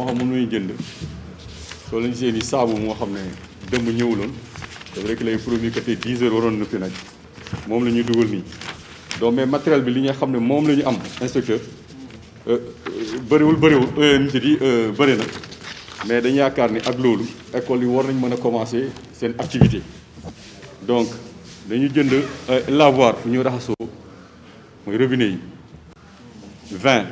moo xam mënuñu jënd soo leen gisee ni saabu moo xam ne dëmb ñëwuloon c'est vrai que lay promis que tey 10 heures waroon nuppi nag moom la ñuy dugal nii donc mais matériel bi li nga xam ne moom la ñu am inspecteur euh, euh, bëriwul bëriwul euh, nit yi bëri na mais dañu yaakaar ni ak loolu école yi war nañ mën a commencer seen activité donc dañu jënd lavoir fu ñuy raxasoo mooy robinet yi 20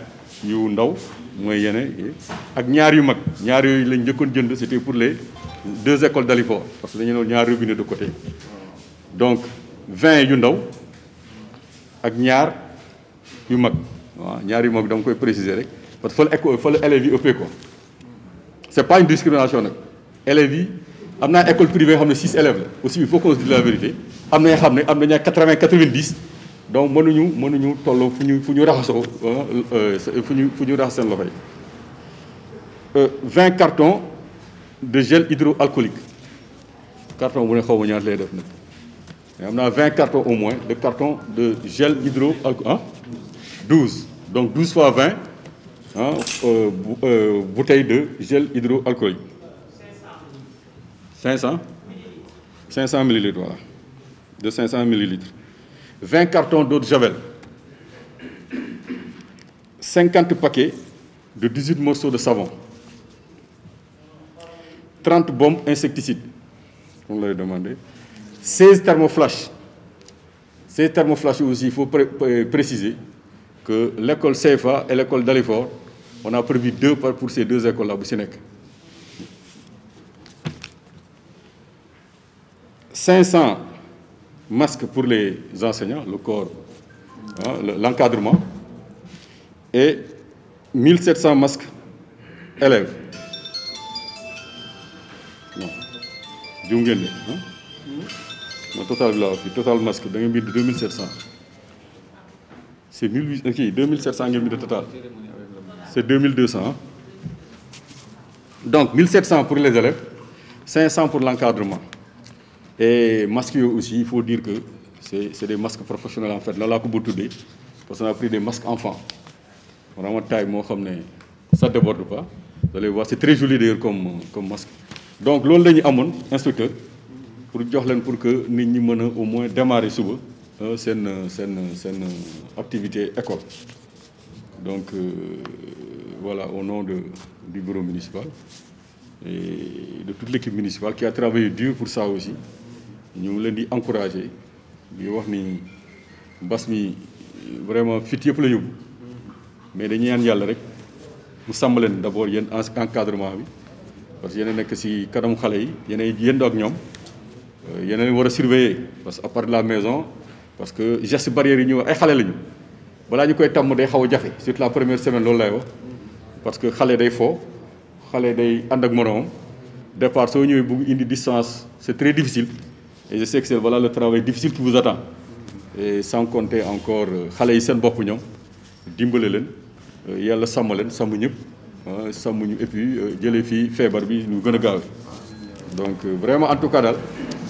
yu ndaw mooy yene ak ñaar yu mag ñaar yoy lañ njëkkoon jënd c'était pour les deux écoles d'Alifort parce que dañu doon ñaar robinet de côté donc 20 yu ndaw ak ñaar yu mag ñaar yu mag dama koy préciser rek parce que fa la fa la élèves yi ëppee c'est pas une discrimination nak élèves yi am école privée xamné 6 élèves la aussi il faut qu'on se dise la vérité amna xamné amna xam 90 donc 20 hein, euh, euh, cartons de gel hydroalcoolique carton a 20 cartons au moins de cartons de gel hydroalcoolique hein? 12 donc 12 fois 20 hein, euh, bouteilles bouteille de gel hydroalcoolique 500 500 500 millilitres de 500 millilitres 20 cartons d'eau de javel, 50 paquets de 18 morceaux de savon, 30 bombes insecticides, on l'avait demandé, 16 thermoflash. Ces thermoflashes aussi, il faut préciser que l'école CFA et l'école d'Alifort, on a prévu deux pour ces deux écoles-là, Boussinec. 500 masques pour les enseignants, le corps, hein, l'encadrement, et 1700 masques élèves. Non. hein? total, là, total masque, 2700. C'est 1800, 2700 de total. C'est 2200. Hein. Donc 1700 pour les élèves, 500 pour l'encadrement. Et masqueux aussi, il faut dire que c'est des masques professionnels en fait. Là, là, parce qu'on a pris des masques enfants. Vraiment, taille, moi, ça ne déborde pas. Vous allez voir, c'est très joli d'ailleurs comme, comme masque. Donc, l'on l'a à inspecteur, pour pour que nous puissions au moins démarrer sur euh, c'est une, activité école. Donc, euh, voilà, au nom de, du bureau municipal et de toute l'équipe municipale qui a travaillé dur pour ça aussi. Nous voulons Nous vraiment fit pour mais nous ñaan d'abord rek Nous d'abord encadrement parce que euh, surveiller parce à part la maison parce que les gestes barrières ñu ay la première semaine parce que nous day fo départ si une distance c'est très difficile et je sais que c'est voilà le travail difficile qui vous attend. Et sans compter encore Khaleisen euh, yi seen il y a leen euh, ah, et puis euh, jëlee Fébarbi, nous bi donc vraiment en tout cas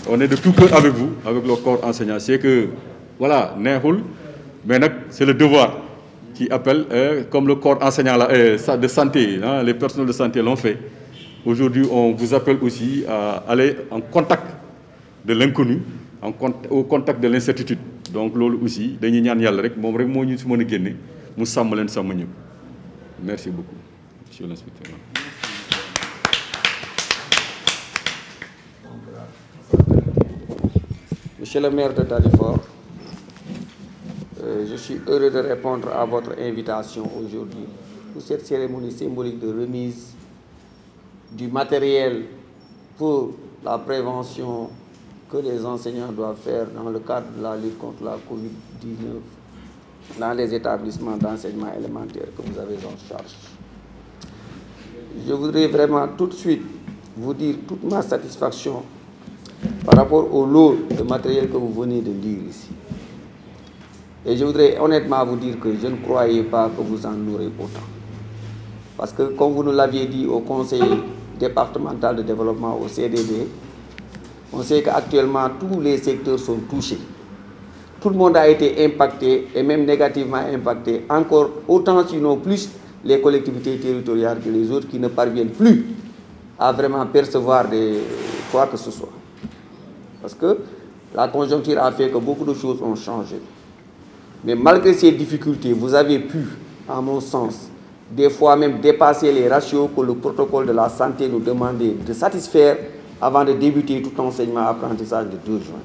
on est de tout cœur avec vous avec le corps enseignant c'est que voilà mais c'est le devoir qui appelle comme le corps enseignant de santé hein, les personnels de santé l'ont fait aujourd'hui on vous appelle aussi à aller en contact de l'inconnu au contact de l'incertitude donc l'eau aussi dañuy ñaan yalla rek mom rek mo ñu ci mëna mu merci beaucoup monsieur l'inspecteur Monsieur le maire de Dalifort, euh, je suis heureux de répondre à votre invitation aujourd'hui pour cette cérémonie symbolique de remise du matériel pour la prévention que les enseignants doivent faire dans le cadre de la lutte contre la COVID-19 dans les établissements d'enseignement élémentaire que vous avez en charge. Je voudrais vraiment tout de suite vous dire toute ma satisfaction par rapport au lot de matériel que vous venez de lire ici. Et je voudrais honnêtement vous dire que je ne croyais pas que vous en aurez autant. Parce que comme vous nous l'aviez dit au conseil départemental de développement, au CDD, on sait qu'actuellement, tous les secteurs sont touchés. Tout le monde a été impacté et même négativement impacté. Encore autant, sinon plus, les collectivités territoriales que les autres qui ne parviennent plus à vraiment percevoir des quoi que ce soit. Parce que la conjoncture a fait que beaucoup de choses ont changé. Mais malgré ces difficultés, vous avez pu, à mon sens, des fois même dépasser les ratios que le protocole de la santé nous demandait de satisfaire avant de débuter tout enseignement apprentissage de 2 juin.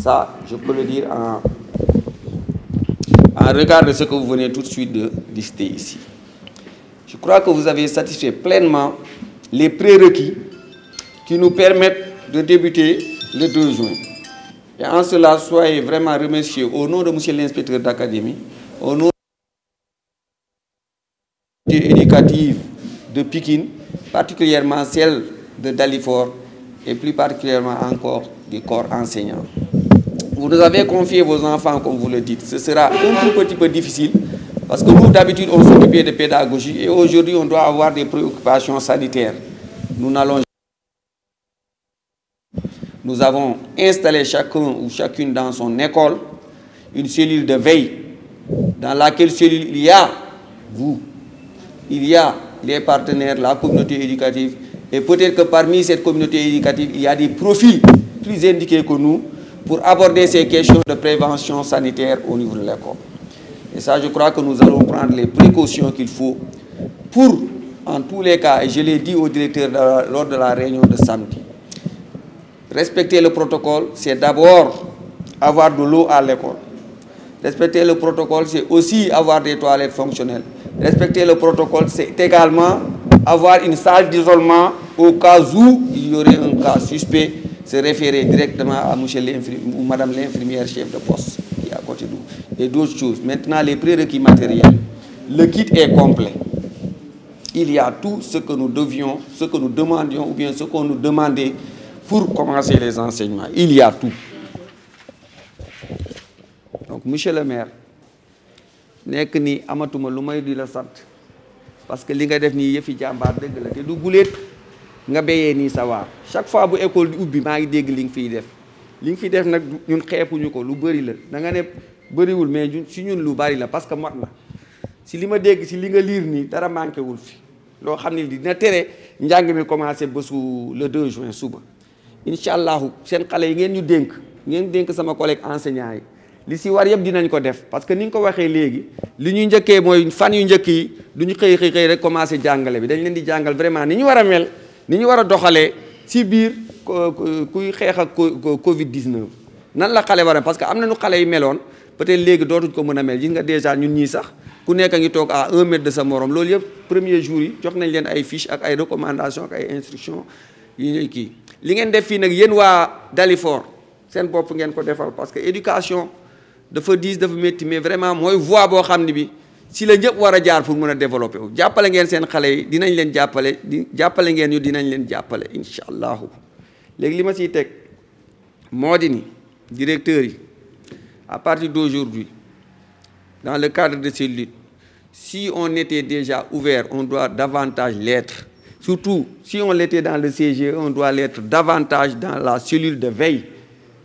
Ça, je peux le dire en, regard de ce que vous venez tout de suite de lister ici. Je crois que vous avez satisfait pleinement les prérequis qui nous permettent de débuter le 2 juin. Et en cela, soyez vraiment remerciés au nom de M. l'inspecteur d'académie, au nom de l'éducative de Pékin, particulièrement celle de Dalifor et plus particulièrement encore du corps enseignant. Vous nous avez confié vos enfants, comme vous le dites. Ce sera un tout petit peu difficile parce que nous, d'habitude, on s'occupait de pédagogie et aujourd'hui, on doit avoir des préoccupations sanitaires. Nous n'allons Nous avons installé chacun ou chacune dans son école une cellule de veille dans laquelle il y a vous, il y a les partenaires, la communauté éducative, et peut-être que parmi cette communauté éducative, il y a des profils plus indiqués que nous pour aborder ces questions de prévention sanitaire au niveau de l'école. Et ça, je crois que nous allons prendre les précautions qu'il faut pour, en tous les cas, et je l'ai dit au directeur lors de la réunion de samedi, respecter le protocole, c'est d'abord avoir de l'eau à l'école. Respecter le protocole, c'est aussi avoir des toilettes fonctionnelles. Respecter le protocole, c'est également avoir une salle d'isolement au cas où il y aurait un cas suspect, se référer directement à monsieur ou madame l'infirmière chef de poste qui est à côté d'eux. Et d'autres choses. Maintenant, les prérequis matériels. Le kit est complet. Il y a tout ce que nous devions, ce que nous demandions ou bien ce qu'on nous demandait pour commencer les enseignements. Il y a tout. Donc, monsieur le maire, ni amatuma la parce que li nga def nii yëfi jàmbaar dëgg la te du guleet nga béyee nii sawar waar chaque fois bu école di ubbi maa ngi dégg li nga fiy def li nga fiy def nag ñun xeepuñu ko lu bëri la da nga ne bëriwul mais ñun si ñun lu bari la parce que mot na si li ma dégg si li nga liir nii dara manqué wul fi loo xam ne dina tere njàng mi commencé bésu le 2 juin suba incha allahu seen xale yi ngeen ñu dénk ngeen dénk sama collègue enseignant yi li si war yëpp dinañ ko def parce que ni nga ko waxee léegi li ñuy njëkkee mooy fan yu njëkk yi du ñu xëy rek commencé jàngale bi dañ leen di jàngal vraiment ni ñu mel ni wara war a doxalee si biir euh, kuy ak Covid 19. nan la xale wara a parce que am na nu xale yi meloon peut-être ko mel gis nga déjà ñun ñii sax ku nekk a ngi toog à un mètre de sa morom loolu yëpp premier jour yi jox nañ leen ay fiche ak ay recommandations ak ay instructions yu ñuy kii. li ngeen def fii nag yéen waa Dalifort seen ngeen ko defal parce que éducation. dafa 10, dafa mettre... mais vraiment je voie bo xamni bi si la gens wara jaar pour développer wu ngeen seen xalé yi dinañ leen jappalé di ngeen ñu dinañ leen jappalé inshallah à partir d'aujourd'hui dans le cadre de ces luttes si on était déjà ouvert on doit davantage l'être surtout si on l'était dans le CG, e, on doit l'être davantage dans la cellule de veille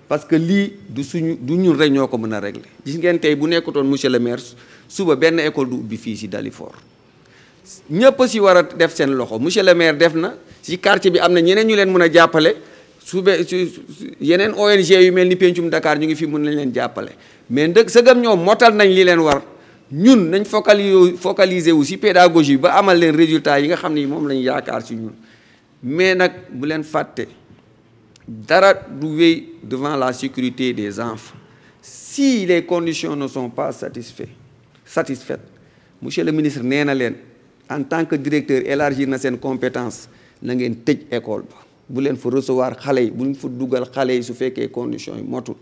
parce que li du suñu du ñu rek ñoo ko mën régler gis ngeen tay bu nekkutoon monsieur le maire suba ben école du ubbi fi ci dalifor ñepp si wara def sen loxo monsieur le maire def na ci quartier bi amna na ñeneen ñu leen mëna jappalé jàppale yenen ONG yu melni ni Dakar ñu ngi fi mëna leen jappalé mais ndëkk sëgam ñoom motal nañ li leen war ñun nañ focaliser wu si pédagogie ba amal leen résultat yi nga xamni mom moom lañ yaakaar si ñun mais nak bu leen fàtte dara du wéy devant la sécurité des enfants si les conditions ne sont pas satisfaites satisfaites monsieur le ministre nee Len, en tant que directeur élargir na seen compétence na ngeen tëj école ba bu leen fa recevoir xale yi bu ñu fa dugal su fekkee conditions yi motul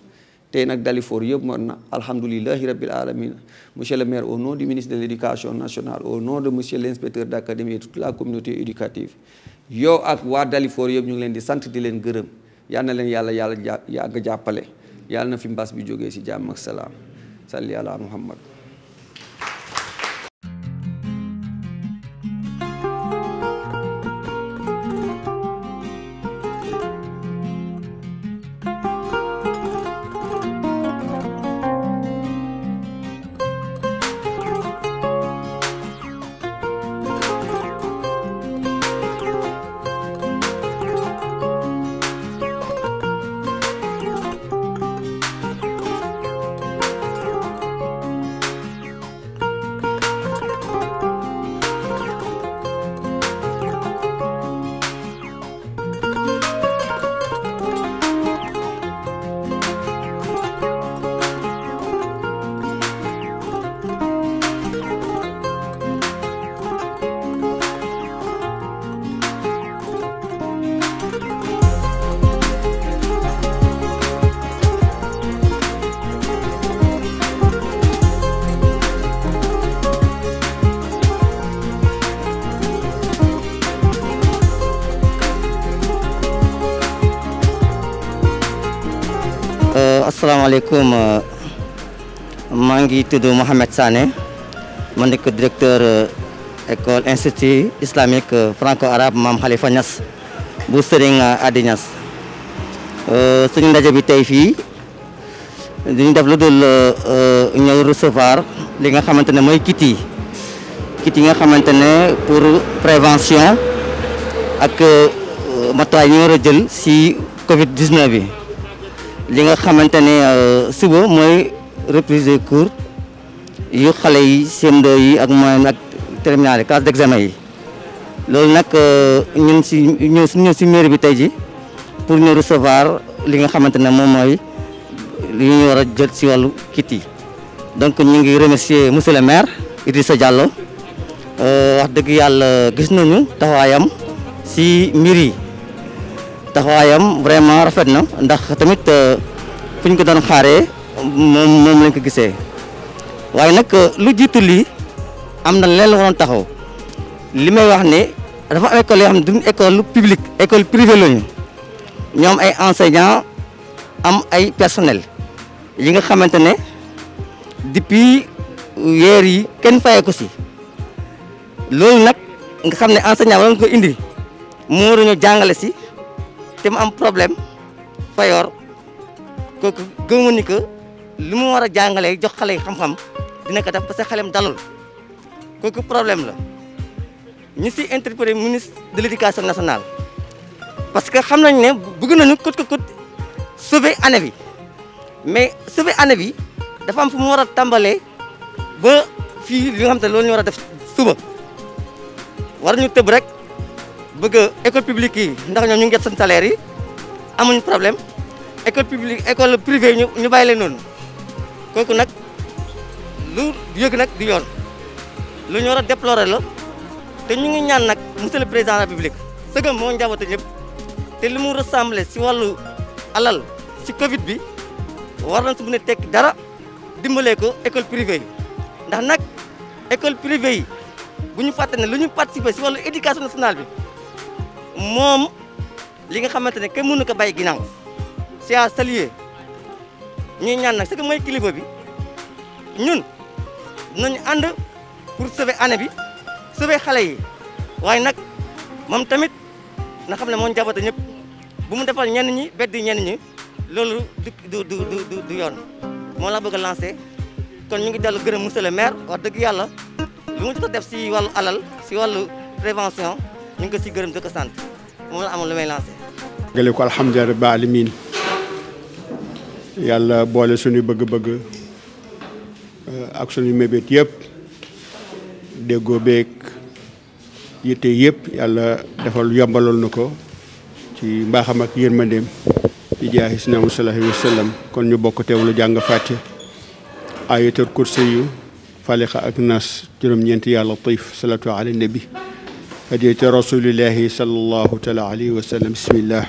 tey nag Dalifort yëpp mot na alhamdulilahi rabbil alamin monsieur le maire au nom du ministre de l'Éducation nationale au nom de monsieur l'inspecteur d'académie d' de et toute la communauté éducative Yo ak waa Dalifort yëpp ñu ngi leen di sant di yal na leen yàlla yàlla yàgg jàppale yàlla na fi mbas bi jógee si jàmm ak salaam salli ala muhammad asalaamaaleykum eh, maa ngi Muhammad Mohamed Sané Direktur Ecol eh, directeur Islamik ke islamique franco-arabe maam Khalifa Niass bu Serigne eh, Adi Niass suñu ndaje bi tey fii dañu def lu dul ñëw recevoir li nga xamante ne mooy kit nga pour prévention ak matuwaay ñu jël si Covid 19 bi. li nga xamante ne euh, suba mooy reprise des yu xale yi cm yi ak moyenne ak terminale classe d'examen yi loolu nag euh, ñun si ñëw ñëw si mairie bi tey ji pour ñu recevoir li nga xamante ne moom mooy li ñu war a jot si wàllu kit yi donc ñu ngi remercier monsieur le maire Idrissa Diallo euh, wax dëgg yàlla gis nañu taxawaayam si mbir yi taxawaayam vraiment rafet na ndax tamit euh, fuñ ko doon xaaree moom moom lañ ko gisee waaye nag euh, lu jiitu li am na leen waroon taxaw li may wax ne dafa am école yoo xam ne duñ école publique école privée lañu ñoom ay enseignants am ay personnel yi nga xamante depuis weer yi kenn fayee ko si loolu nag nga xam enseignant war ko indi moo ñu jàngale si te mu am problème fayoor kooku gëmu ni que li mu war jox xale xam-xam dina ko def parce que xalem dalul kooku problème la ñu si interpellé ministre de l' éducation nationale. parce que xam nañ ne bëgg nañu kut kut sauver année bi mais sauver année bi dafa am fu mu war a ba fii li nga xam te loolu ñu war def suba war ñu tëb rek bëgg école publique yi ndax ñoom ñu ngi jot seen salaire yi amuñ problème école publique école privée ñu ñu bàyyi leen noonu kooku lu yëg nag du yoon lu ñu war a déplorer la te ñu ngi ñaan nag monsieur le président de la république sëgam moo njaboote ñëpp te li mu rassemblé si alal si Covid bi war nañ su mën a tekki dara dimbalee ko école privée yi ndax nag école privée yi bu ñu fàtte lu ñu participer si wàllu éducation nationale bi moom li nga xamante ne kenn mënu ko bàyyi ginnaaw c'est à saluer ñuy ñaan nag ce que mooy kilifa bi ñun dinañu ànd pour sauver année bi sauver xale yi waaye nag moom tamit na xam ne moo njaboote ñëpp bu mu defal ñenn ñi beddi ñenn ñi loolu du du du du yoon moo la bëgg a kon ñu ngi dellu gërëm monsieur le maire wax dëgg yàlla lu mu def si wàllu alal si wàllu prévention ñu ngi ko si gërëm di ko sant moom la amoon lu may lancé. gële ko alhamdulilah rabbil alamin yàlla boole suñu bëgg-bëgg eh, ak suñu mébét yëpp déggoo beeg yitte yëpp yàlla defal yombalool na ko ci mbaaxam ak yërmandeem ci jaahi sallallaahu alayhi wa kon ñu bokk teewlu jàng fàtte ayatul kursi yu falixa ak nas juróom-ñeenti yàlla tiif salatu ala nabi هدية رسول الله صلى الله تعالى عليه وسلم بسم الله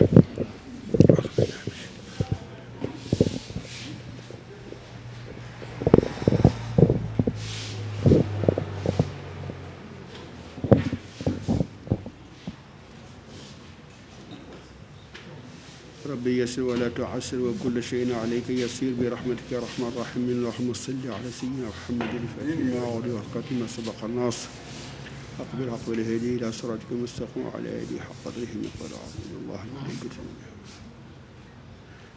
ربي يسر ولا تعسر وكل شيء عليك يسير برحمتك يا رحمن الرحيم اللهم صل على سيدنا محمد الفاتح ما وقت ما سبق الناصر أقبل أقبل هدي إلى صراطك المستقيم على يدي حق قدره مقدار عظيم الله الملائكة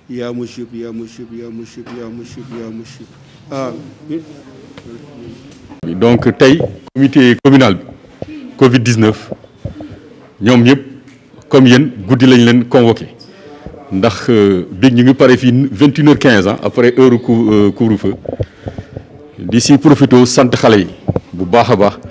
يا مجيب يا مجيب يا مجيب يا مجيب يا مجيب آمين donc tey comité communal Covid 19 ñoom ñëpp comme yéen guddi lañ leen convoqué ndax euh, bi ñu ngi pare fii vingt une heure hein, après heure couvre-feu di si profité sant xale yi bu baax a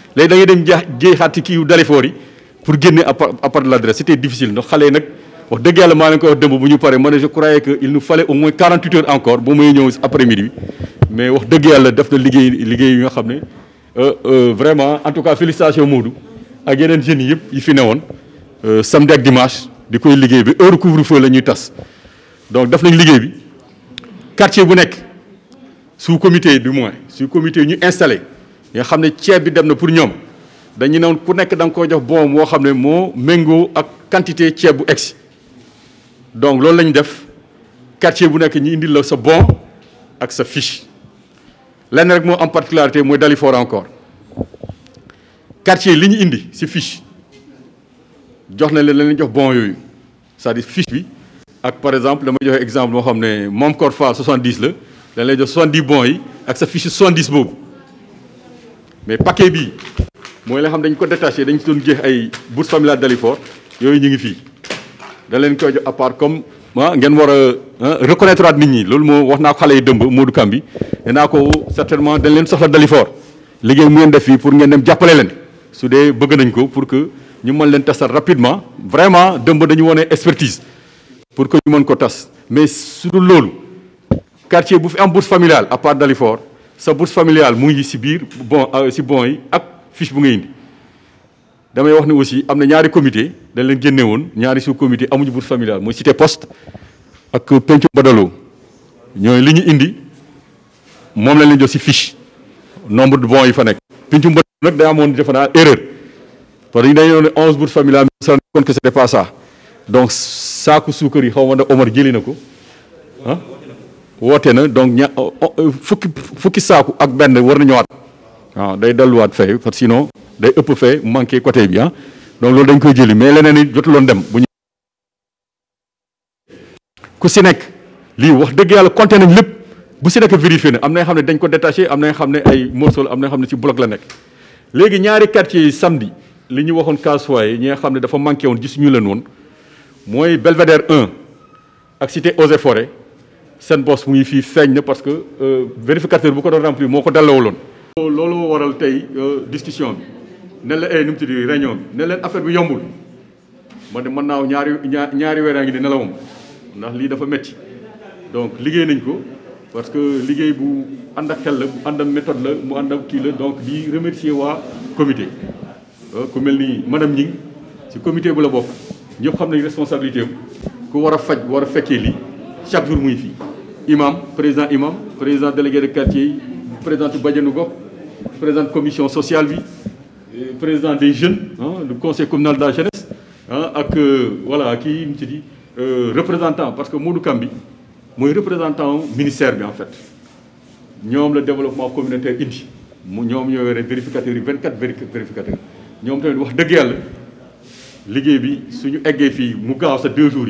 léegi da ngay dem jaa jeexaati kii yu Dalifort yi pour génne appart de l'adresse c'était difficile Donc, xale yi nag wax dëgg yàlla maa leen koy wax démb bu je croyais que il nous fallait au moins 48 heures encore pour may après midi bi mais wax dëgg yàlla def na liggéey liggéey yi nga euh, euh, vraiment en tout cas félicitations Modou ak yeneen jeunes yëpp yi fi euh, samedi ak dimanche di koy liggéey bi heure couvre-feu la ñuy donc def nañ liggéey bi quartier bu nekk sous comité du moins sous comité ñu installé nga xam ne bi demna pour ñom dañu ne ku nekk da nga koo jox bon woo xam mo mengo ak quantité ceeb bu ex donc loolu lañ def quartier bu nekk ñi indi la sa bon ak sa fiche lenn rek mo am particularité moy dali fort encore quartier li ñu indi ci fiche jox na leen lañ jox bon yoyu c'est-à-dire fiche bi ak par exemple dama joxe exemple mo xam mom corfa 70 la dañ lay jox 70 bon yi ak sa fiche 70 boobu mais paquet bi moy la xam dañ ko détaché dañ ils doon jeex ay bourse familiale d'Alifort yoy ñi ngi fi da leen koy jox à comme ah, ngeen ah, reconnaître at nit ñi loolu moo wax naa yi dëmb Modou Kambi ko certainement dañ leen soxla d'Alifort liggéey mu def pour ngeen dem leen su pour que ñu leen rapidement vraiment dëmb dañu expertise pour que ñu mën ko tas mais sur dul loolu quartier bu fi bourse familiale à part sa bourse familiale mu ngi si biir bon si euh, bon yi ak fiche bu nga indi damay wax ne aussi am na ñaari comité dañ leen génne woon ñaari sous comité amuñu bourse familiale mooy cité poste ak pencu badaloo ñooy li ñu indi moom lañ leen jox si fiche nombre de bons yi fa nekk pencu badaloo nag day amoon defe erreur parce que dañu dañoo ne onze bourses familiales mais ça compte que c'était pas ça donc saaku suukar yi xaw ma ne Omar jëli na ko ah. woote na donc fukki fukki saaku ak benn war na ñëwaat waaw day dalu delluwaat fay parce sinon day ëpp fee manké côté bi ah donc loolu dañ koy jëli mais leneen i jotuloon dem bu ku si nek li wax deug yàlla conté nañ lepp bu si nek vérifier na am na xam ne dañ ko détaché am na xam ne ay morceau am na xam ne ci bloc la nek légui ñaari quartier samedi li ñu waxoon cas ñi nga xamné dafa manké won gis ñu leen won moy belvedere 1 ak cité aux et Forêts seen bos mu ngi fii feeñ na parce que euh, vérificateur bu ko doon remplir moo ko dellawaloon. loolu moo waral tey euh, discussion bi ne la ay eh, nu bi ne leen affaire bi yombul man de mën naaw ñaari ñaari weer a ngi ne nelawam ndax lii dafa métti donc liggéey nañ ko parce que liggéey bu ànd ak xel la bu ànd ak méthode la mu ànd ak kii la donc di remercier waa comité euh, ku mel ni madame Gning si comité bu la bokk ñëpp xam nañ responsabilité am ko war a faj war a fekkee lii. chaque jour mon fils, imam président imam président délégué de quartier président de président président commission sociale président des jeunes hein, le conseil communal de la jeunesse et hein, ak euh, voilà qui me dit représentant parce que Modou Kambi mooy représentant ministère bien en fait Nous, le développement communautaire indi nous avons vérificateur, 24 vérificateurs Nous tamit wax dëgg yàlla liggéey bi suñu deux jours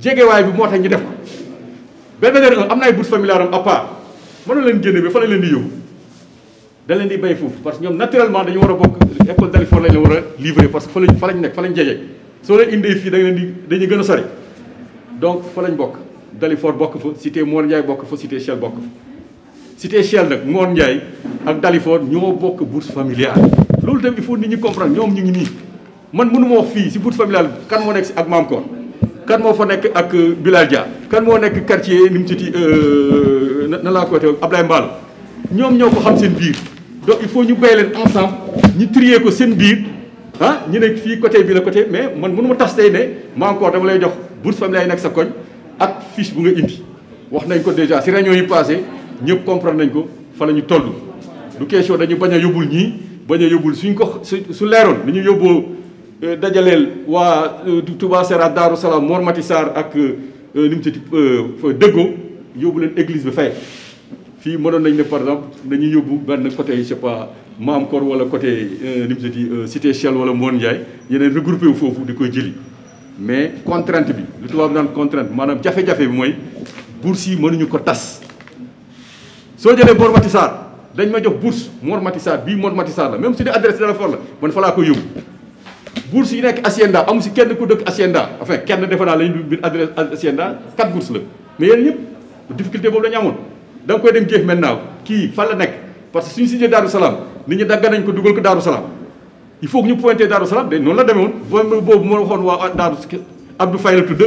jegewaay bi moo tax ñu def ko benn der am na ay bourse mënu leen génne bi fa leen di yóbbu da leen di bay foofu parce que ñoom naturellement dañu war a bokk école d'Alifor lañ la war a livrer parce que fa lañ fa lañ nekk fa lañ jege soo leen indee fii da nga leen di dañuy gën a sori donc fa lañ bokk Dalifor bokk fa cité Mor Ndiaye bokk fa cité Shell bokk fa cité Shell nag Mor Ndiaye ak Dalifor ñoo bokk bourse familiale loolu tamit il faut nit ñi comprendre ñoom ñu ngi nii man mënu ma wax fii si bourse familiale kan moo nekk si ak maam koor kan moo fa nekk ak Bilal Dia kan moo nekk quartier ni mu titi euh, na laa ko waxee Ablaye Mbaal ñoom ñoo ko xam seen biir donc il faut ñu bay leen ensemble ñu trier ko seen biir ah ñu nekk fii côté bi la côté mais man mënu ma tas tey ne ma encore dama lay jox bourse familiale yi nekk sa koñ ak fiche bu nga indi wax nañ ko déjà si réunion yi passé ñëpp comprendre nañ ko fa la ñu toll du question dañu bañ a yóbbul ñii bañ a yóbbul suñ ko su leeroon ni ñu yóbboo Euh, dajalel wa euh, Touba Serrat Daaru Salaam Mor Mati Sarr ak li euh, mu tati dëggoo église bi fay fi mënoon nañ ne par exemple dañuy yóbbu ben côté je sais pas Maam Kor wala côté li mu tati Cité Shell wala Mboon Ndiaye regroupé fofu foofu di jëli mais contrainte bi lu tuba naan contrainte manam, jafé jafé bi moy bourse yi mënuñu ko tass so jëlee Mor Mati dañ ma jox bourse Mor Mati bi Mor la même si di adresse de la for la man fa laa bourse yi nekk Hacienda amu si kenn ku dëkk Hacienda enfin kenn defe naa la ñu biir adresse Hacienda quatre la mais yéen ñëpp difficulté boobu la amoon da koy dem géex maintenant kii fan la nekk parce que suñu si jee Daaru Salaam nit ñi dagg nañ ko dugal ko Daaru Salaam il ñu pointé Daaru de noonu la demee boobu moo waxoon waa Daaru Abdou Faye la tudd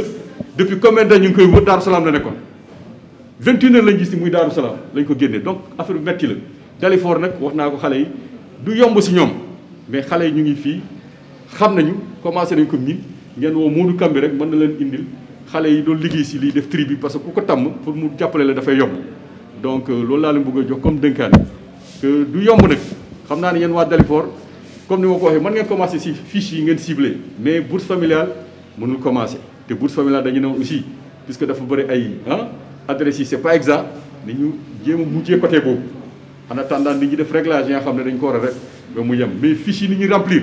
depuis combien de ñu ngi koy wër Daaru la nekkoon 21 heures lañ gis ni muy Daaru la wax naa ko xale yi du yomb si ñoom mais xale yi ñu ngi fii xam nañu commencé nañ ko miin ngeen woo Modou Kambi rek mën na leen indil xale yi doon liggéey si liy def tri bi parce que ku ko tàmm pour mu jàppale la dafay yomb donc euh, loolu laa leen bëgg a jox comme dënkaane que du yomb nag xam naa ne yéen waa Dalifort comme ni ma ko waxee man ngeen commencé si fiche yi ngeen ciblé mais bourse familiale mënul commencé te bourse familiale dañu ne woon aussi puisque dafa bëri ay ah adresse yi c'est pas exact ni ñu jéem a mujjee côté boobu en attendant ni ñu def réglage yi nga xam ne dañ ko war a rek mu yem mais fiche yi ni ñuy remplir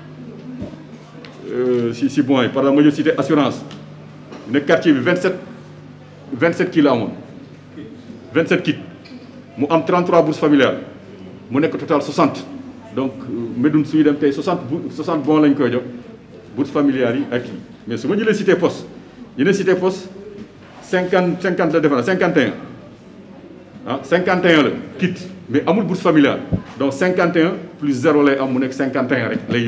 Euh, si si bon par la majorité assurance ne quartier 27 27 kii 27 kits mu am 33 bourses familiales mu nek total 60 donc euh, medoun suy dem tay 60 60 bon lañ koy jox bourses familiales yi ak mais suma ma cité poste ñu cité poste 50 50 la defana 51 ah 51 le kit mais amul bourse familiale donc 51 plus 0 lay am mu nek 51 rek lay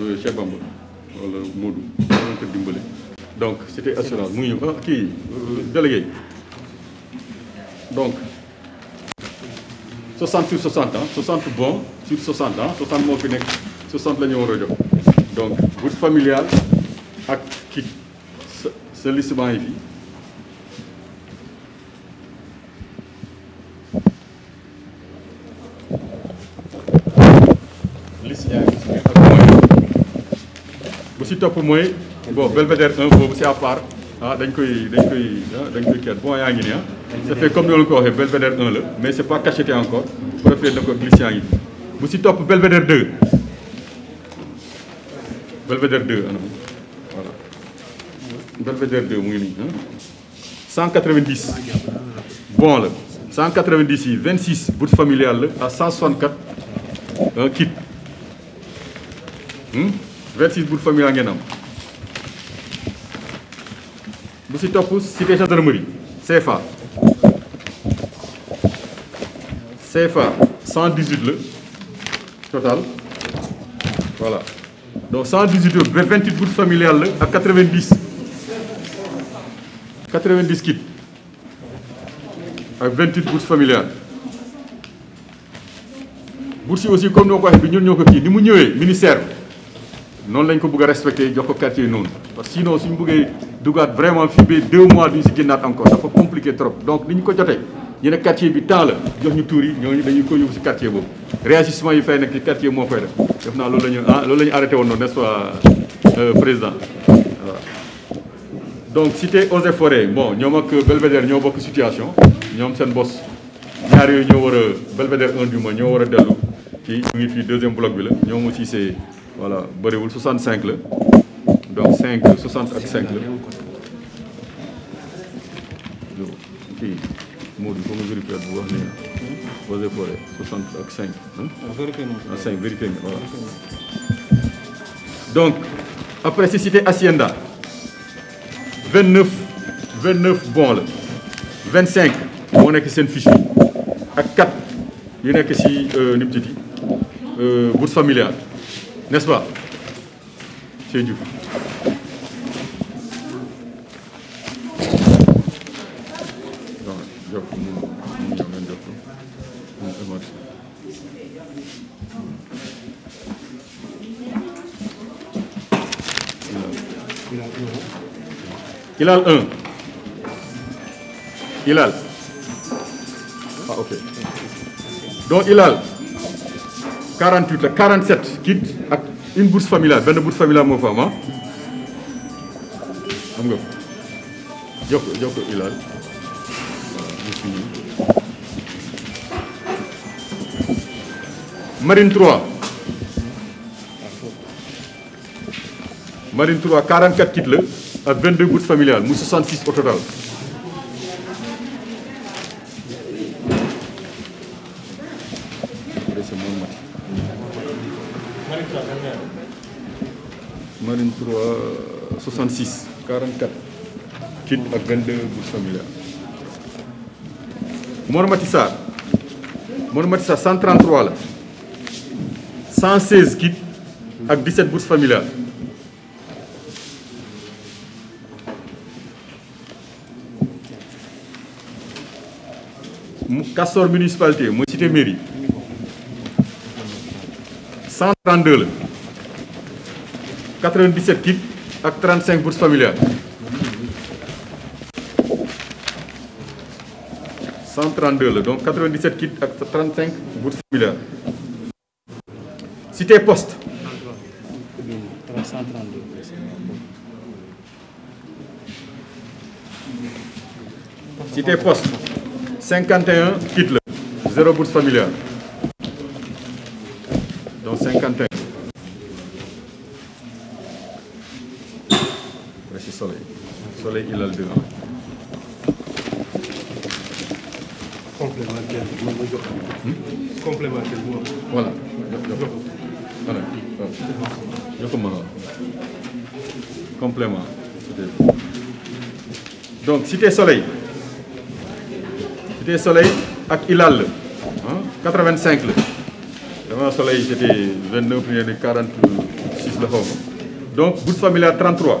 Euh, Modou donc c'était assurance Qui ah, euh, délégué donc 60 sur 60 ans 60 bons sur 60 ans 60 moo fi 60 la ñu donc bourse familiale ak qui C'est lissement yi top moi bon Belvédère 1 c'est à part ah dañ koy dañ koy ah, dañ koy bon yaa ngi ah. ça fait comme nous corps ko Belvédère 1 le mais c'est pas cacheté encore profité le ko glissé yaa bu si Top, Belvédère 2 Belvédère 2 voilà Belvédère 2 ngi 190 ah. bon le 190 26 bout familiale à 164 un kit. Hmm? 26 de familiale c'est am de la mouri. C'est fa. CFA CFA 118 le total voilà donc 118 28 bourse familiales. à 90 90 kits. Avec 28 bouteilles familiales. bourse aussi comme nous, ko waxee bi ñun ñoo non lañ ko bëgg respecté quartier parce sinon suñu nous devons vraiment deux mois duñ ci encore dafa compliqué trop donc nous ko joté quartier bi temps nous jox ñu tour yi dañuy ko quartier réagissement yi fay quartier def ah, arrêté n'est-ce pas euh, président donc cité aux forêts bon ñoo bokk situation ñom sen boss. ñaar ñoo wara belvedere du ñoo a ci deuxième bloc bi la aussi c'est voilà 65 là. donc 5 60 ak 5 là. kii Modou il faut vérifier bu wax 65 60 ak 5 hein? vérifier ah, voilà donc après si cité Hacienda 29 29 bon là 25 que c'est une fiche ak 4 yu nekk si nim qui euh bourse familiale n'est-ce pas C'est Diouf. Hilal 1. Ilal Ah, ok. Donc Hilal. 48 47 kit ak une bourse familiale 22 bourse familiale moo fa am ah. Marine 3 Marine 3 44 kits. le 22 bourses familiales mu 66 au total. 44 kit ak 22 bourses familiales Mor Mati Sarr Mor Mati Sarr 133 la 116 kit ak 17 bourses Castor municipalité mooy cité mairie 132 la 97 kit ak 35 bourses familiales 132 donc 97 kits ak 35 bourses familiales cité poste 132. cité poste 51 kits 0 zéro bourse donc 51 soleil Complémentaire. Complémentaire. Voilà. Complément. Donc, cité soleil. Cité soleil avec Ilal. 85 le. soleil, j'étais 29, 46 Donc, bout familial 33.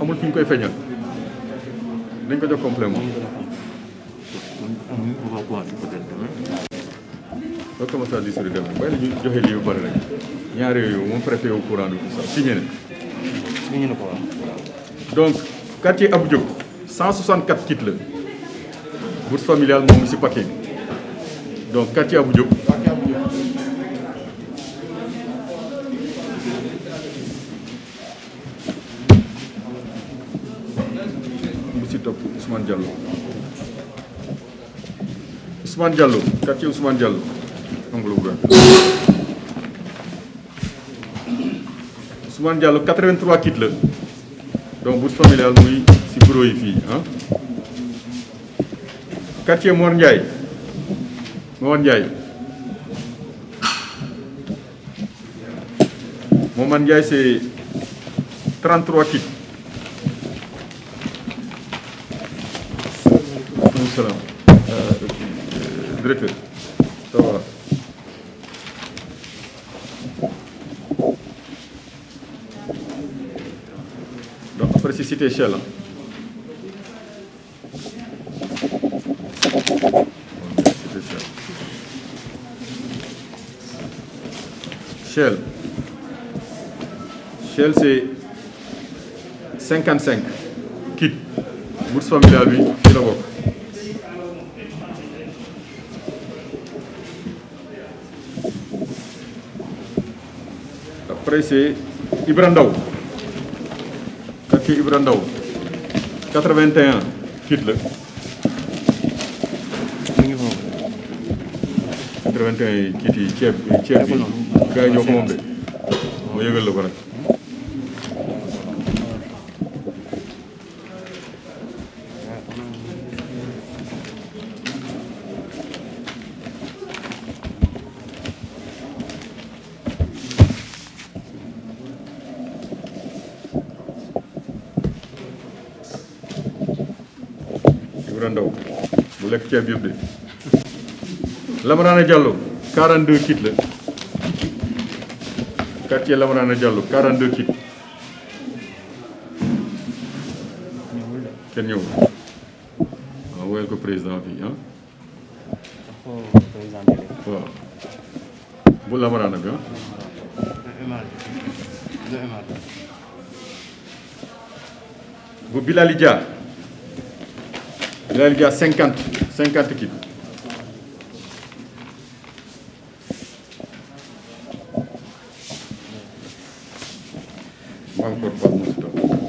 amul fu ñu koy feeñal dañ ko jox complément. loolu comme ça di sori la ñu lii bu bëri rek ñaar yooyu moom préfet au courant de tout ça signé na. signé na ko waaw. donc quartier Abdou Diop 164 kit la bourse familiale moom si paquet bi donc quartier Abdou Ousmane Diallo Ousmane Diallo quartier Ousmane Diallo Anglou Ousmane Diallo 83 kit la donc bourse familiale muy si bureau yi fii ah quartier Mor Ndiaye Mor Ndiaye Momar Ndiaye c'est 33 kits Donc après c'est cité Shell. Shell. Shell c'est 55 kit bourse familiale bi la c'est Ibra Ndaw quartier Ibra Ndaw 81 titre la 81 kiit yi ceeb ceeb bi gars yi ñoo ko moom de moo yëgal la ko ndaw bu lekk ceeb yëpp de Lamarana Diallo 42 kit la quartier Lamarana Diallo 42 kit kenn ñëw waaw ah, woyal ko président bi ah waaw bu Lamarana bi ah bu Bilali Dia Là, il y a 50, 50 équipes. Encore pas de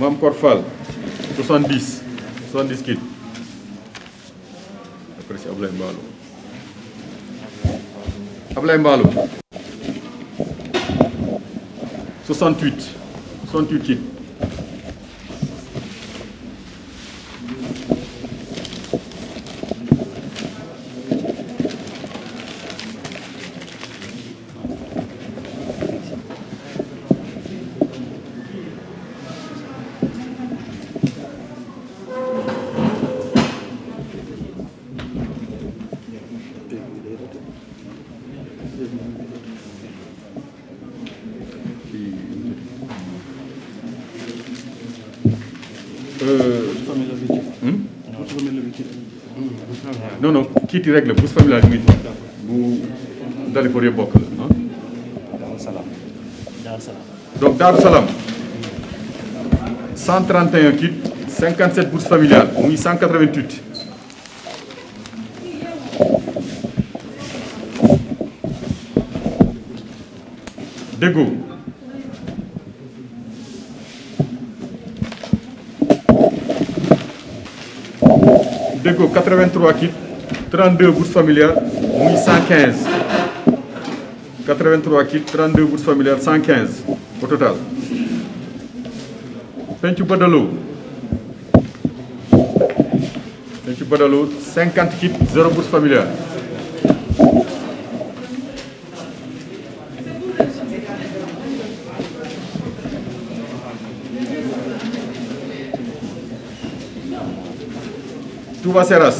Mam Korfal, 70, 70 kids. Après, c'est Ablaï Mbalou. Ablaï Mbalou. 68 68 non non qui règle? la bourse ah. familiale allez Vous fi bu Salam. yëpp Dar Salam. donc Dar Salam 131 kits 57 bourses familiales oui, 188 Dego. Dego, 83 kits 32 bourses familiales 115 83 kits 32 bourses familiales 115 au total Pencum Badalou you, Badalou 50 kits 0 familiales. Tout va, Seras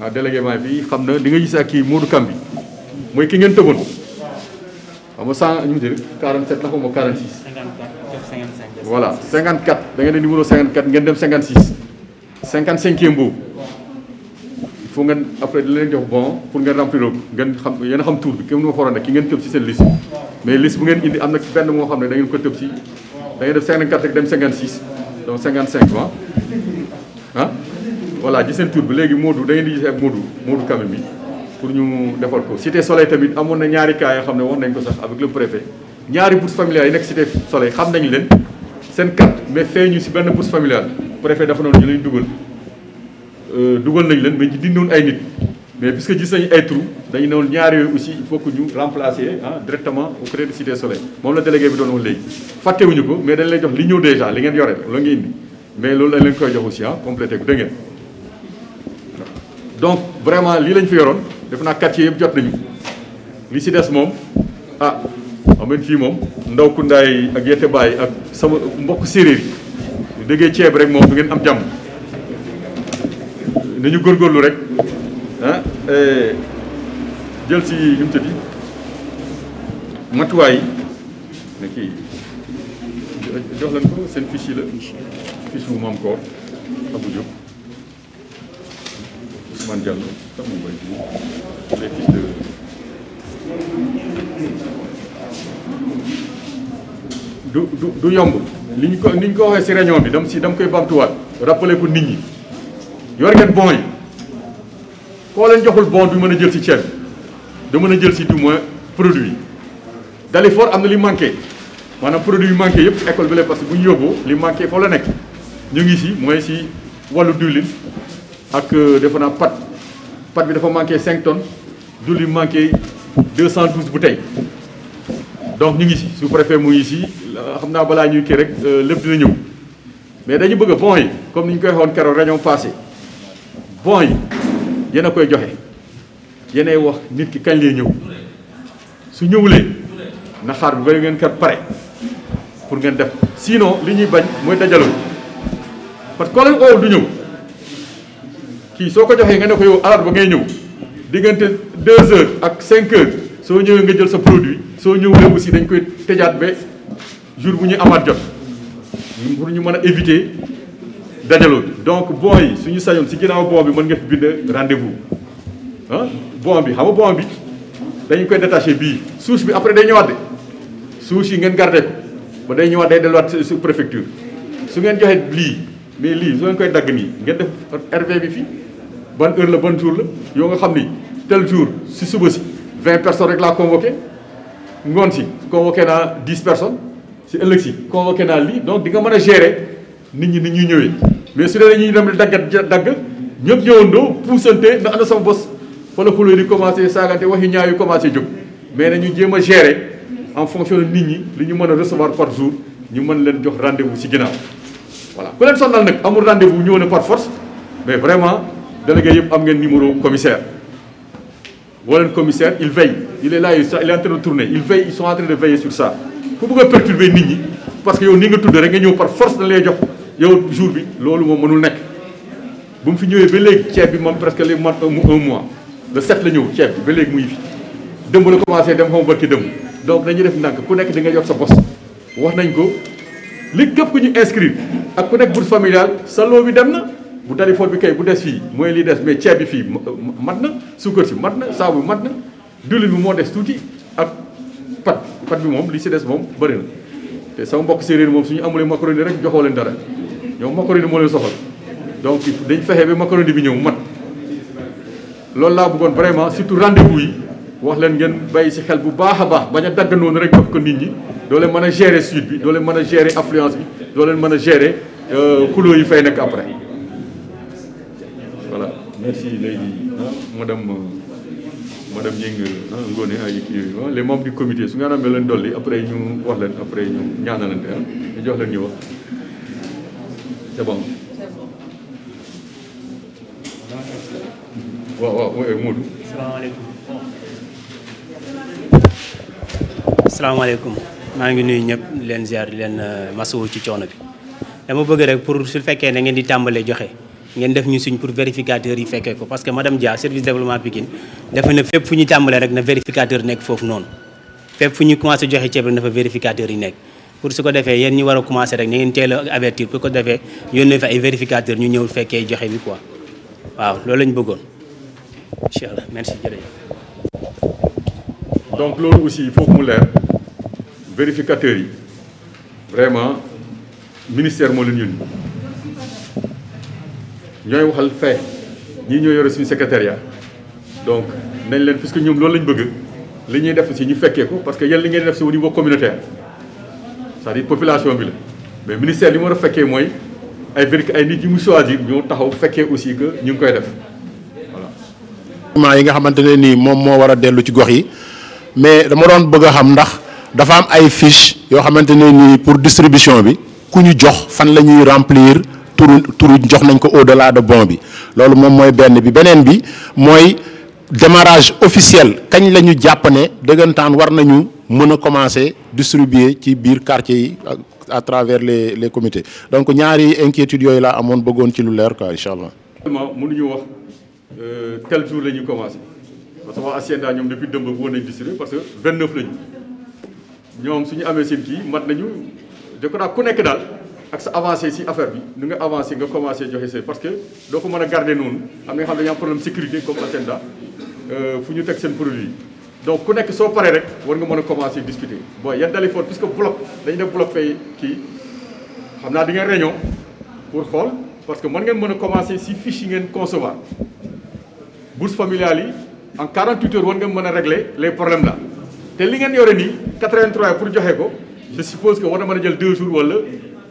waaw ah, délégué may bi xam na li nga gis ak kii Modou Kambi mooy ki ngeen tëboon xam nga cent ñu mu jël 47 la xaw ma 46 voilà 54 da ngeen ne numéro 54 ngeen dem 56 55e boobu il faut ngeen après di leen jox bon pour ngeen remplir ko ngeen xam yéen xam tour bi kenn moo xoroon ne ki ngeen tëb si seen liste mais liste bu ngeen indi da ngeen ko da ngeen def 54 dem 56 donc 55 voilà ci seen tur bi léegi Modou da ngeen di gis ak Modou Modou Kame bi pour ñu défal ko Cité Soleil tamit amoon ñaari kay yoo xam ne nañ ko sax avec le préfet ñaari bourse familiale yi nek Cité Soleil xam nañ leen seen carte mais feeñu ci ben bourse familiale préfet dafa non ñu lay leen euh dugal nañ leen mais ci dindoon ay nit mais puisque gis nañu ay trou dañu ne ñaari yoy aussi il faut que ñu remplacer hein directement au crédit Cité Soleil mom la délégué bi doon wax faté wuñu ko mais dañ lay jox li ñeu déjà li ngeen yoré la ngeen indi mais loolu lañ leen koy jox aussi hein compléter ko de ngeen donc vraiment li lañ fi yoron def na quartier yeb jot nañu li ci dess mom ah amen fi mom ndaw nday ak yete bay ak sama mbok séeréer yi déggee rek mom du ngeen am jàmm nañu góorgóorlu rek ah eh, jël si ñu mu tëddi matuwaay ne kii jox lañ ko seen fiche yi la fiche bu maam koor Abou Diop Ousmane Diallo, ça mon les fils de... du du du yomb li ñu ko ni ñu ko waxee si réunion bi dam si dam koy bamtuwaat rappeler ko nit ñi yor ngeen bon yi koo leen joxul bon du mën jël si ceeb du mën jël si du moins produit Dalifort am na li manqué maanaam produit yu manqué yëpp école bi lay parce que bu ñu yóbboo li manqué foofu la nekk ñu ngi si mooy si wàllu diwlin ak euh, defe naa pat pat bi dafa manqué 5 tonnes duli li manqué 212 bouteilles donc ñu ngi ci sous préfet mu ngi si xam naa ñuy kii rek euh, lepp dina ñëw mais dañu bëgg bon yi comme niñ ñu koy waxoon kéro réunion passé bon yi yéen koy joxé yéenay wax nit ki kañ lay ñëw su ñëwulee na xaar bu bari ngeen kat paré pour ngeen def sinon li ñuy bañ moy dajaloo parce que ku leen oowul du ñëw. kii soo ko joxee nga ne ko yow alarba ngay ñëw diggante deux heures ak cinq heures soo ñëwee nga jël sa produit soo ñëwee aussi dañ koy tëjaat ba jour bu ñuy amaat jot pour ñu mën éviter dajaloo donc bon suñu sañoon si ginnaaw bon bi mën nga fi bind rendez-vous ah bon bi xam nga bon bi dañ koy détaché bii souche bi après day ñëwaat de souche yi ngeen gardé ko ba day ñëwaat day delluwaat su préfecture su ngeen joxe lii mais lii su ngeen koy dagg nii ngeen def RV bi fii ban heure la ban jour la yoo nga xam ni tel jour si suba si vingt personnes rek laa convoqué ngoon si convoqué naa dix personnes si ëllëg si naa lii donc di nga mën a gérer nit ñi ni ñuy ñëwee mais su dee dañuy dem daggat dagg ñëpp ñëwandoo puusante na ana sama bos fala faloy di commencé saagante waxi ñaaw yu commencé jóg mais nañu jéem a gérer en fonction ñi li ñu mën a recevoir par jour ñu mën leen jox rendez si ginnaaw voilà ku leen sonnal amul rendez-vous ñëw na par force mais vraiment délégué yep am commissaire commissaire il veille il est là il est en train de tourner il veille ils sont en train de veiller sur ça Pourquoi pouvez perturber les gens, parce que yow rek nga par force lay jox yow jour bi bu mu fi bi presque li un mois le sept la ñëw bi fi la commencé dem barki donc dañu def ku nek di nga sa nañ ko ñu inscrire ak ku bourse familiale sa bi bu Danifoor bi kay bu des fii mooy li des mais ceeb bi fii mat na suukar si mat na saabu bi mat na diwlin bi moo des tuuti ak pat pat bi moom li si des moom bëri na te sama mbokk séeréer moom suñu amulee macaroni rek joxoo leen dara ñoom macaroni moo leen soxal donc dañ fexe bi macaroni bi ñëw mat loolu laa bëggoon vraiment surtout rendez-vous yi wax leen ngeen bàyyi si xel bu baax a baax bañ a dagg noonu rek jox ko nit ñi doo leen mën a gérer suite doo leen mën a gérer affluence bi doo leen mën a gérer euh, xuloo yi fay nekk après Merci Lady, ah, Madame, euh, Madame Yeng, hein, euh, ah, Ngone Hayiki, ah, hein, les membres du comité. dolly, après nous, voilà, après nous, nous avons un dolly. Nous avons un C'est bon. Waaw waaw mooy Modou. Salaamaaleykum. Salaamaaleykum. maa ngi nuyu ziar euh, ci bi dama bëgg rek pour su ngeen di ngeen def ñu suñ pour vérificateur yi fekkee ko parce que madame Dia service développement Pikine dafa ne fépp fu ñu tàmbalee rek na vérificateur nekk foofu noonu fépp fu ñu commencé joxe ceeb rek na fa vérificateur yi nekk pour su ko defee yéen ñi war a commencé rek na ngeen teel a avertir pour ko defee yónnee fa ay vérificateur ñu ñëw fekkee joxe bi quoi waaw loolu lañ bëggoon incha allah merci jërëjëf. donc loolu aussi il faut que mu leer vérificateur yi vraiment ministère moo leen yónni ñoy waxal fé ñi ñoy yoro suñu secrétariat donc nañ leen puisque ñoom loolu lañ bëgg li ñuy def ci ñu fekkee ko parce que yéen li ngeen def si au niveau communautaire c'est-à-dire population bi la mais ministère li mu war a fekkee mooy ay vérité ay nit yi mu choisir ñoo taxaw fekkee aussi que ñu ngi koy def voilà. yi nga xamante ne nii moom moo war a dellu ci gox yi mais dama doon bëgg a xam ndax dafa am ay fiche yoo xamante ne nii pour distribution bi ku ñu jox fan la ñuy remplir turu jox nañ ko au delà de bon bi lolu mom moy benn bi benen bi moy démarrage officiel kañ lañu japp né ne war nañu mëna commencer distribuer ci biir quartier yi à travers les les comités donc ñaari inquiétude yoy la amone bëggone ci lu leer quoi incha allah. vraiment mënuñu wax tel euh, jour lañu commencer parce que wax ñom depuis dëmb bu nañu distribuer parce que 29 lañu ñom suñu amé ñu seen mat nañu je crois ku nek dal ak sa avancé si affaire bi nu nga avancé nga commencé joxe see parce que doo ko mën a garder noonu am na nga xam ne dañu am problème sécurité comme Asenda euh, fu ñu teg seen produit donc ku nekk soo paree rek war nga mën a commencé discuter bon yan dali fort puisque bloc dañu def bloc fay kii xam naa di ngeen réunion pour xool parce que mën ngeen mën a commencé si fiche yi ngeen concevoir bourse familiale yi en 48 heures war ngeen mën a régler les problèmes là li ngeen yore nii 83 pour joxe ko je suppose war na mën a jël 2 jours wala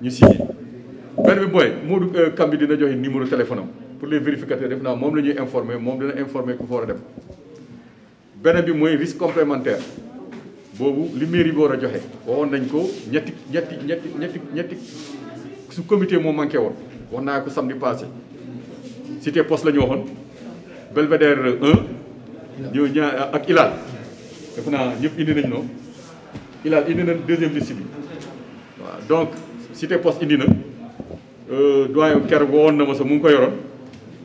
nous sommes ici. bi euh, numéro téléphone pour les vérificateurs je suis informé dina informé Ben risque complémentaire Bobu, li mairie comité samedi passé cité poste 1 Ilal deuxième donc cité poste indi na euh, doyen keroog woon na ma sax mu ngi ko yoroon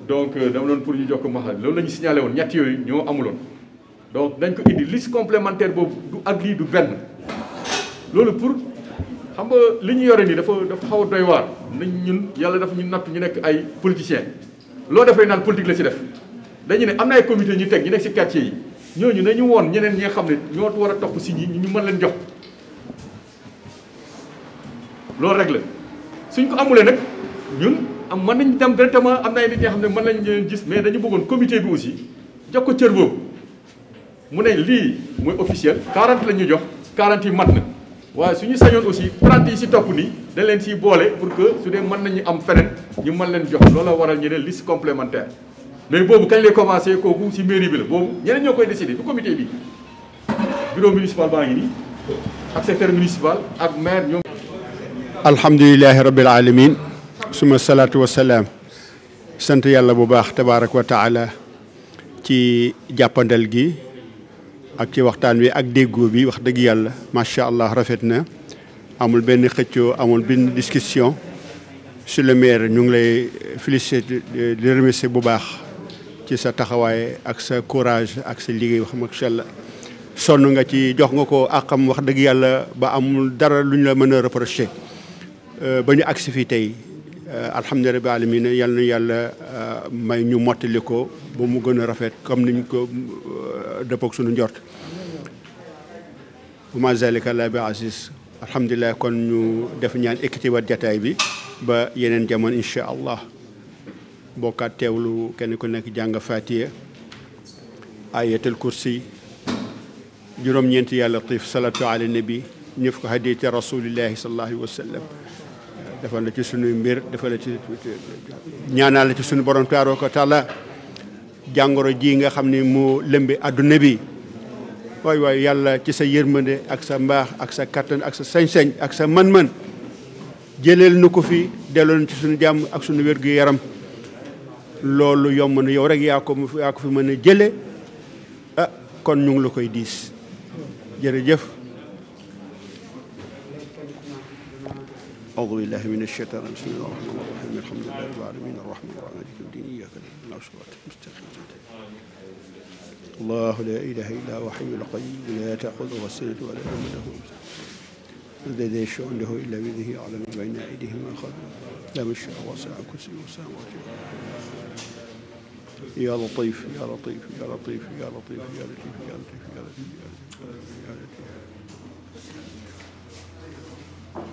donc euh, dama doon pour ñu jox ko maxal loolu la ñu signalé woon ñett yooyu ñoo amuloon donc dañ ko indi liste complémentaire boobu du ak lii du benn loolu pour xam nga li ñu yore nii dafa dafa xaw a doy waar nañ ñun yàlla dafa ñu natt ñu nekk ay politiciens loo defay naan politique la ci def dañu ne am ay comité ñu teg ñu nekk ci quartier yi ñooñu nañu woon ñeneen ñi nga ñoo war a topp ñi ñu mën leen jox loolu rek la suñ ko amulee nag ñun am mën nañ dem directement am na ay nit nga xam ne mën nañ leen gis mais dañu bëggoon comité bi aussi jox ko cër boobu mu ne lii mooy officiel 40 la ñu jox 40 yi mat na waaye suñu sañoon aussi 30 yi si topp nii dañ leen siy boole pour que su dee mën nañu am feneen ñu mën leen jox loolu waral ñu ne liste complémentaire mais boobu kañ lay commencé kooku si mairie bi la boobu ñeneen ñoo koy décidé du comité bi bureau municipal baa ngi nii ak secteur municipal ak maire ñoom الحمد لله رب العالمين ثم الصلاة والسلام سنت يلا بباخ تبارك وتعالى تي جابان دلغي اك تي وقتان بي اك ديغو بي وقت دي يلا ما شاء الله رفتنا امول بن خيتو امول بن ديسكسيون سي لو مير نيون لي فيليسيت دي ريميسي بباخ تي سا تخواي اك سا كوراج اك سا ليغي وخ ماك شاء الله sonu nga ci jox nga ko akam wax deug yalla ba ba ñu agsi fii tey alhamdulilah rabbi alamin yal na yàlla may ñu mottali ko ba mu gën a rafet comme niñ ko dëppoog suñu njort ma zalika la bi aziz alhamdulilah kon ñu def ñaan ekkiti wat jataay bi ba yeneen jamono incha allah bokkaat teewlu kenn ku nekk jàng fatiya ayatul kursi juróom-ñeenti yàlla tiif salatu ala nabi ñëf ko hadiyati rasulillahi sallallahu alayhi wa sallam defal la ci sunuy mbir defal la ci ñaanal sunu borom taaroo ko tàlla jàngoro ji nga xam ni mu lëmbi adduna bi waay waay yàlla ci sa yërmande ak sa mbaax ak sa kattan ak sa sañ ak sa man man jëleel nu ko fi delloon ci sunu jàmm ak sunu wér-gu-yaram loolu yomb na yow rek yaa ko fi mën a jële ah, kon ñu ngi la koy diis jërëjëf أعوذ بالله من الشيطان بسم الله الرحمن الرحيم الحمد لله رب العالمين الرحمن الرحيم مالك الدين إياك نعبد وإياك نستعين الله لا إله إلا هو حي القيوم لا تأخذه سنة ولا نوم له الذي لا يشاء عنده إلا بيده أعلم بين أيديهم ما خلق لا مشاء وسع كرسي وسع وجهه يا لطيف يا لطيف يا لطيف يا لطيف يا لطيف يا لطيف يا لطيف يا لطيف يا لطيف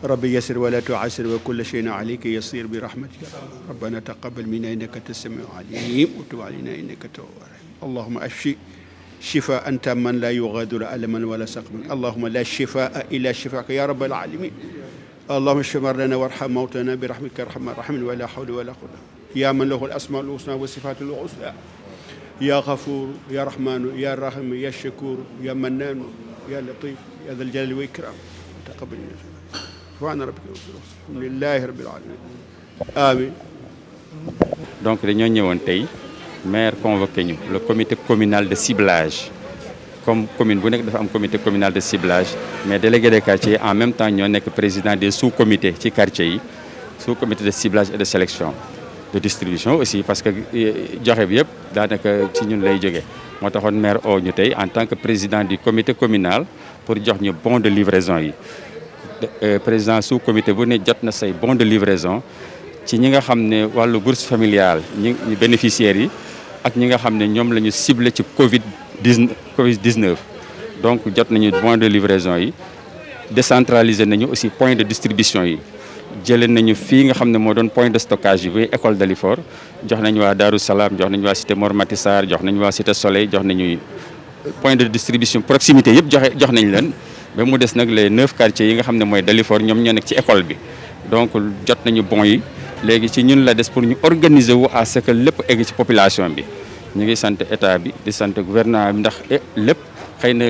ربي يسر ولا تعسر وكل شيء عليك يصير برحمتك ربنا تقبل منا انك تسمع عليم وتب علينا انك تواب اللهم اشف شفاء من لا يغادر الما ولا سقما اللهم لا شفاء الا شفاك يا رب العالمين اللهم اشف مرضانا وارحم موتانا برحمتك يا ارحم الراحمين ولا حول ولا قوه يا من له الاسماء الحسنى والصفات الحسنى يا غفور يا رحمن يا رحم يا شكور يا منان يا لطيف يا ذا الجلال والاكرام تقبل منا Donc rabbika alhamdulillahi rabbil alamin amin donc dañoo tay maire convoqué le comité communal de ciblage comme commune bu nek dafa comité communal de ciblage mais délégué des quartiers en même temps nous sommes président des sous comités ci quartier yi sous comité de ciblage et de sélection de distribution aussi parce que nous euh, bi da naka ci ñun lay maire en tant que président du comité communal pour jox ñu bon de livraison euh, président sous comité bu ne jot say bon de livraison ci ñi nga xamné walu bourse familiale ñi bénéficiaires yi ak ñi nga xamné ñom lañu la ciblé ci Covid 19 Covid 19. donc jot nañu bon de livraison yi décentraliser nañu aussi point de distribution yi jëlee nañu fi nga xamné mo doon point de stockage yi école d'alifort jox nañu waa Darou salam jox nañu waa cité Mor Matissar jox nañu waa cité Soleil jox nañu point de distribution proximité yépp joxé jox nañ leen ba mu des nag les neuf quartiers yi nga xamné moy mooy ñom ñoom ñoo nekk ci école bi donc jot nañu bon yi légui ci ñun la dess pour ñu organiser wu à ce que lepp égg ci population bi ñi ngi sant état bi di sant gouvernement ndax e lepp xeyna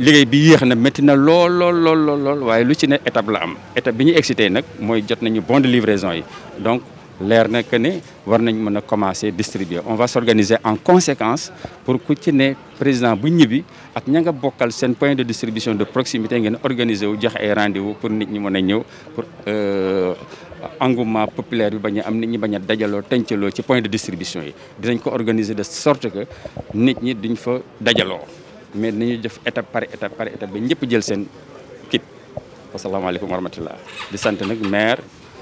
na bi yéex na metti na lol lol lol lol waye lu ci ne étape la am étape bi ñu excité nak moy jot nañu bon de livraison yi donc leer na que ne war nañ mën a distribuer on va s'organiser en conséquence pour ku ci président bu ñibbi ak ña nga bokkal seen point de distribution de proximité ngeen organiser wu ay rendez-vous pour nit ñi mën a ñëw pour euh, engouement populaire bi bañ a am nit ñi bañ a dajaloo tencaloo ci point de distribution yi dinañ ko organiser de sorte que nit ñi duñ fa dajaloo mais nañu def étape par étape par étape ba ñëpp jël seen kit asalaamaaleykum wa rahmatullah di sant nag maire